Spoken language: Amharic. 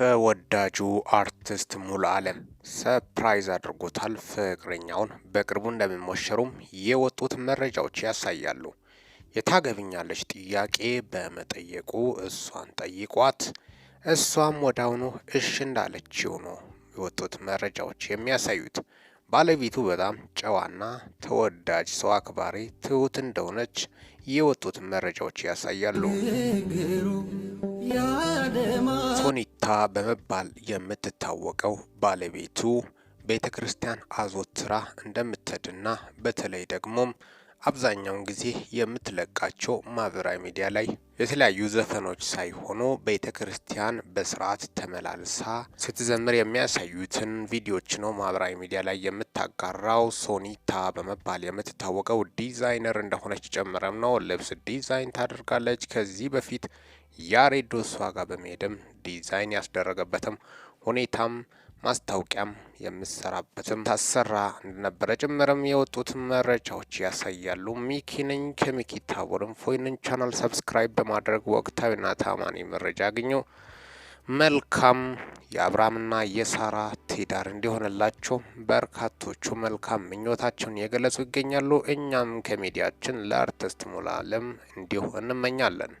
ተወዳጁ አርቲስት ሙሉ አለም ሰፕራይዝ አድርጎታል ፍቅረኛውን። በቅርቡ እንደሚሞሸሩም የወጡት መረጃዎች ያሳያሉ። የታገብኛለች ጥያቄ በመጠየቁ እሷን ጠይቋት፣ እሷም ወዳውኑ እሽ እንዳለችው ነው የወጡት መረጃዎች የሚያሳዩት። ባለቤቱ በጣም ጨዋና ተወዳጅ ሰው አክባሪ፣ ትሁት እንደሆነች የወጡት መረጃዎች ያሳያሉ። በመባል የምትታወቀው ባለቤቱ ቤተ ክርስቲያን አዘውትራ እንደምትሄድና በተለይ ደግሞም አብዛኛውን ጊዜ የምትለቃቸው ማህበራዊ ሚዲያ ላይ የተለያዩ ዘፈኖች ሳይሆኑ ቤተ ክርስቲያን በስርዓት ተመላልሳ ስትዘምር የሚያሳዩትን ቪዲዮዎች ነው ማህበራዊ ሚዲያ ላይ የምት የምታጋራው ሶኒታ በመባል የምትታወቀው ዲዛይነር እንደሆነች ጨምረም ነው። ልብስ ዲዛይን ታደርጋለች። ከዚህ በፊት ያሬዶ እሷ ጋር በመሄድም ዲዛይን ያስደረገበትም ሁኔታም ማስታወቂያም የምሰራበትም ታሰራ እንደነበረ ጭምርም የወጡት መረጃዎች ያሳያሉ። ሚኪ ነኝ ከሚኪ ታቦርም ፎይንን ቻናል ሰብስክራይብ በማድረግ ወቅታዊና ታማኒ መረጃ አግኙ። መልካም የአብርሃምና የሳራ ትዳር እንዲሆንላቸው በርካቶቹ መልካም ምኞታቸውን የገለጹ ይገኛሉ። እኛም ከሚዲያችን ለአርቲስት ሙሉአለም እንዲሁ እንመኛለን።